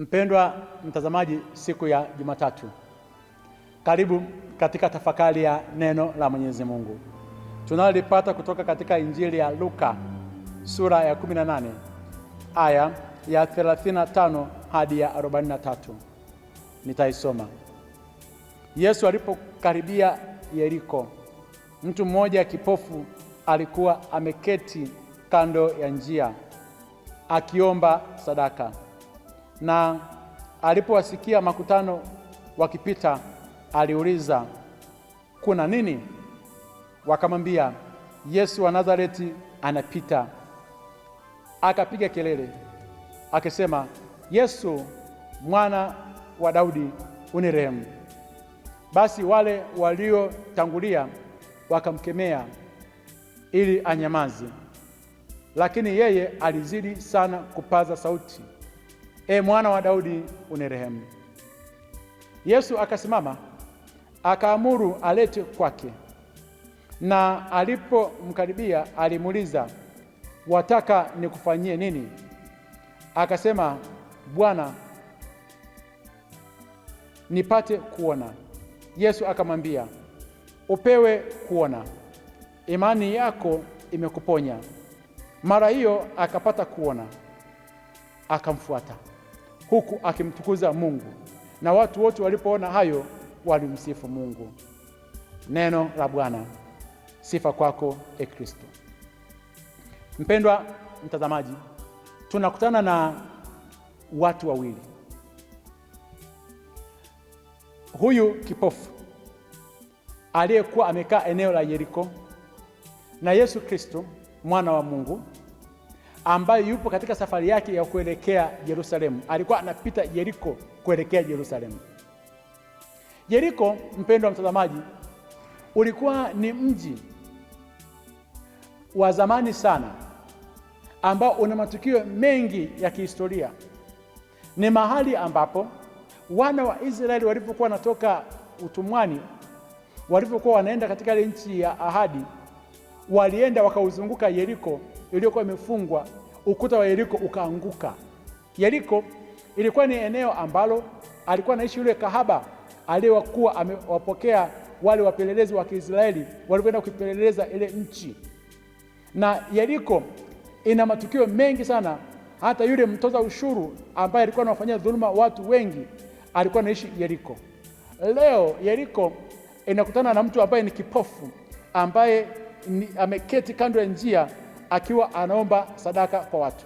Mpendwa mtazamaji, siku ya Jumatatu, karibu katika tafakari ya neno la Mwenyezi Mungu tunalipata kutoka katika Injili ya Luka sura ya 18 aya ya 35 hadi ya 43. Nitaisoma. Yesu alipokaribia Yeriko, mtu mmoja kipofu alikuwa ameketi kando ya njia akiomba sadaka na alipowasikia makutano wakipita, aliuliza kuna nini? Wakamwambia, Yesu wa Nazareti anapita. Akapiga kelele akisema, Yesu mwana wa Daudi unirehemu. Basi wale waliotangulia wakamkemea ili anyamaze, lakini yeye alizidi sana kupaza sauti E mwana wa Daudi, unirehemu. Yesu akasimama akaamuru alete kwake, na alipomkaribia alimuuliza, wataka nikufanyie nini? Akasema, Bwana, nipate kuona. Yesu akamwambia, upewe kuona, imani yako imekuponya. Mara hiyo akapata kuona, akamfuata huku akimtukuza Mungu, na watu wote walipoona hayo walimsifu Mungu. Neno la Bwana. Sifa kwako e Kristo. Mpendwa mtazamaji, tunakutana na watu wawili. Huyu kipofu aliyekuwa amekaa eneo la Yeriko na Yesu Kristo mwana wa Mungu ambaye yupo katika safari yake ya kuelekea Yerusalemu. Alikuwa anapita Yeriko kuelekea Yerusalemu. Yeriko, mpendo wa mtazamaji, ulikuwa ni mji wa zamani sana ambao una matukio mengi ya kihistoria. Ni mahali ambapo wana wa Israeli walipokuwa wanatoka utumwani, walipokuwa wanaenda katika ile nchi ya ahadi, walienda wakauzunguka Yeriko iliyokuwa imefungwa ukuta wa Yeriko ukaanguka. Yeriko ilikuwa ni eneo ambalo alikuwa anaishi yule kahaba aliyekuwa amewapokea wale wapelelezi wa Kiisraeli walikwenda kuipeleleza ile nchi, na Yeriko ina matukio mengi sana. Hata yule mtoza ushuru ambaye alikuwa anawafanyia dhuluma watu wengi alikuwa anaishi Yeriko. Leo Yeriko inakutana na mtu ambaye ni kipofu, ambaye ni, ameketi kando ya njia akiwa anaomba sadaka kwa watu.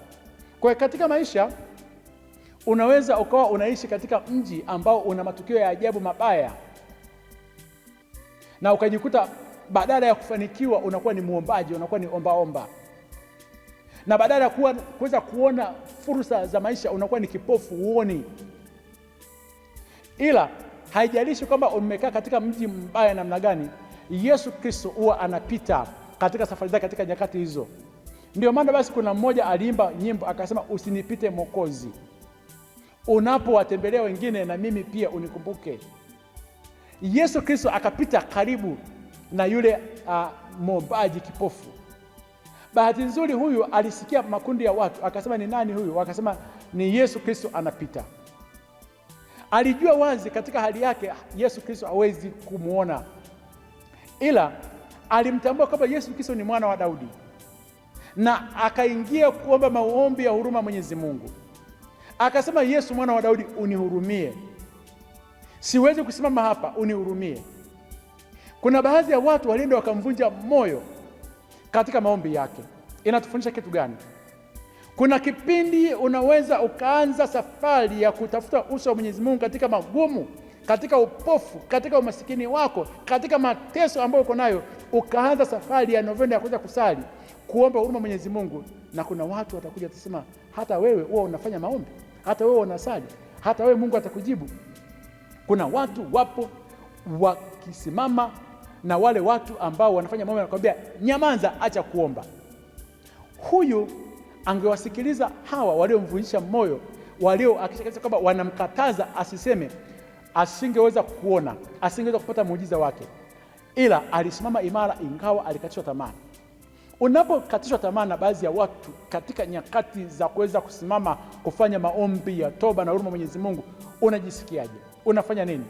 Kwa katika maisha unaweza ukawa unaishi katika mji ambao una matukio ya ajabu mabaya, na ukajikuta badala ya kufanikiwa unakuwa ni muombaji, unakuwa ni ombaomba, na badala ya kuweza kuona fursa za maisha unakuwa ni kipofu, huoni. Ila haijalishi kwamba umekaa katika mji mbaya namna gani, Yesu Kristo huwa anapita katika safari zake katika nyakati hizo. Ndio maana basi kuna mmoja aliimba nyimbo akasema, usinipite mokozi unapowatembelea wengine na mimi pia unikumbuke. Yesu Kristo akapita karibu na yule uh, mobaji kipofu. Bahati nzuri, huyu alisikia makundi ya watu, akasema ni nani huyu? Akasema ni Yesu Kristo anapita. Alijua wazi katika hali yake Yesu Kristo hawezi kumwona, ila alimtambua kwamba Yesu Kristo ni mwana wa Daudi na akaingia kuomba maombi ya huruma Mwenyezi Mungu, akasema, Yesu mwana wa Daudi, unihurumie. Siwezi kusimama hapa, unihurumie. Kuna baadhi ya watu walienda wakamvunja moyo katika maombi yake. Inatufundisha kitu gani? Kuna kipindi unaweza ukaanza safari ya kutafuta uso wa Mwenyezi Mungu katika magumu, katika upofu, katika umasikini wako, katika mateso ambayo uko nayo, ukaanza safari ya novena ya kuweza kusali kuomba huruma Mwenyezi Mungu, na kuna watu watakuja watasema, hata wewe huwa unafanya maombi, hata wewe unasali, hata wewe Mungu atakujibu. Kuna watu wapo wakisimama na wale watu ambao wanafanya maombi, wanakwambia nyamaza, acha kuomba. Huyu angewasikiliza hawa waliomvunjisha moyo, walio kabisa kwamba wanamkataza asiseme, asingeweza kuona, asingeweza kupata muujiza wake, ila alisimama imara, ingawa alikatishwa tamaa. Unapokatishwa tamaa na baadhi ya watu katika nyakati za kuweza kusimama kufanya maombi ya toba na huruma Mwenyezi Mungu, unajisikiaje? Unafanya nini?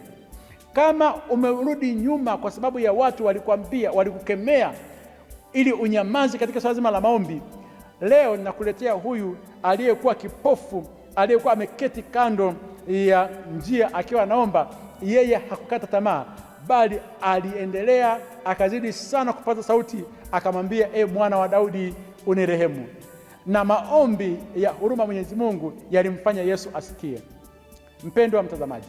Kama umerudi nyuma kwa sababu ya watu walikwambia, walikukemea ili unyamazi katika swala zima la maombi, leo nakuletea huyu aliyekuwa kipofu, aliyekuwa ameketi kando ya njia akiwa anaomba. Yeye hakukata tamaa, bali aliendelea akazidi sana kupata sauti, akamwambia e, mwana wa Daudi unirehemu. Na maombi ya huruma Mwenyezi Mungu yalimfanya Yesu asikie. Mpendwa mtazamaji,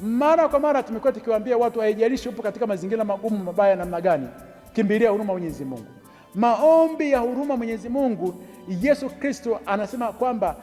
mara kwa mara tumekuwa tukiwaambia watu, haijalishi upo katika mazingira magumu mabaya namna gani, kimbilia huruma Mwenyezi Mungu. Maombi ya huruma Mwenyezi Mungu, Yesu Kristo anasema kwamba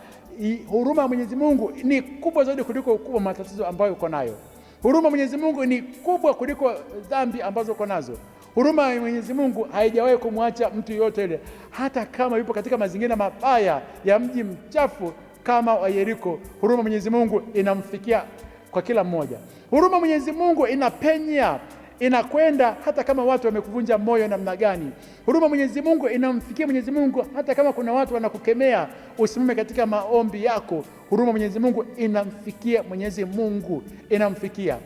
huruma ya Mwenyezi Mungu ni kubwa zaidi kuliko ukubwa matatizo ambayo uko nayo. Huruma Mwenyezi Mungu ni kubwa kuliko dhambi ambazo uko nazo. Huruma ya Mwenyezi Mungu haijawahi kumwacha mtu yoyote ile, hata kama yupo katika mazingira mabaya ya mji mchafu kama wa Yeriko. Huruma Mwenyezi Mungu inamfikia kwa kila mmoja. Huruma Mwenyezi Mungu inapenya inakwenda hata kama watu wamekuvunja moyo namna gani. Huruma Mwenyezi Mungu inamfikia Mwenyezi Mungu hata kama kuna watu wanakukemea, usimame katika maombi yako. Huruma Mwenyezi Mungu inamfikia Mwenyezi Mungu inamfikia.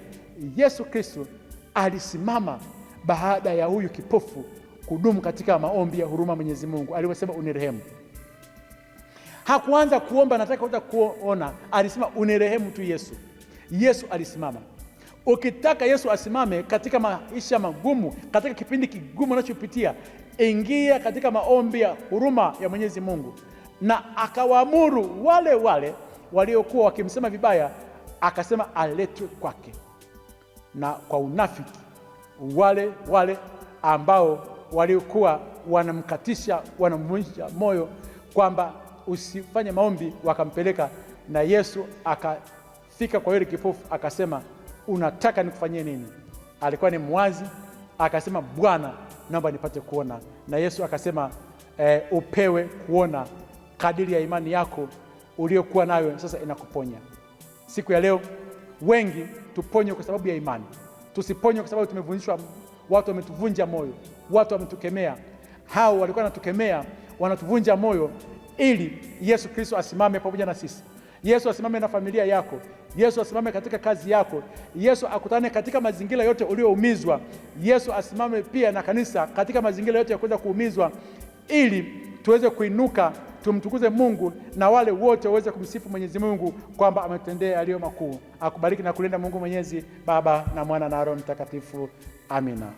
Yesu Kristo alisimama baada ya huyu kipofu kudumu katika maombi ya huruma Mwenyezi Mungu aliposema unirehemu. Hakuanza kuomba nataka uta kuona, alisema unirehemu tu Yesu. Yesu alisimama. Ukitaka Yesu asimame katika maisha magumu, katika kipindi kigumu anachopitia, ingia katika maombi ya huruma ya Mwenyezi Mungu. Na akawaamuru wale wale waliokuwa wakimsema vibaya, akasema aletwe kwake, na kwa unafiki wale wale ambao waliokuwa wanamkatisha, wanamvunja moyo kwamba usifanye maombi, wakampeleka na Yesu akafika kwa yule kipofu akasema unataka nikufanyie nini? Alikuwa ni mwazi, akasema Bwana, naomba nipate kuona. Na Yesu akasema e, upewe kuona, kadiri ya imani yako uliyokuwa nayo sasa inakuponya. Siku ya leo wengi tuponywe kwa sababu ya imani, tusiponywe kwa sababu tumevunjishwa, watu wametuvunja moyo, watu wametukemea. Hao walikuwa wanatukemea, wanatuvunja moyo, ili Yesu Kristo asimame pamoja na sisi. Yesu asimame na familia yako, Yesu asimame katika kazi yako, Yesu akutane katika mazingira yote ulioumizwa, Yesu asimame pia na kanisa katika mazingira yote ya kuweza kuumizwa, ili tuweze kuinuka tumtukuze Mungu na wale wote waweze kumsifu Mwenyezi Mungu kwamba ametendea yaliyo makuu. Akubariki na kulinda Mungu Mwenyezi, Baba na Mwana na Roho Mtakatifu. Amina.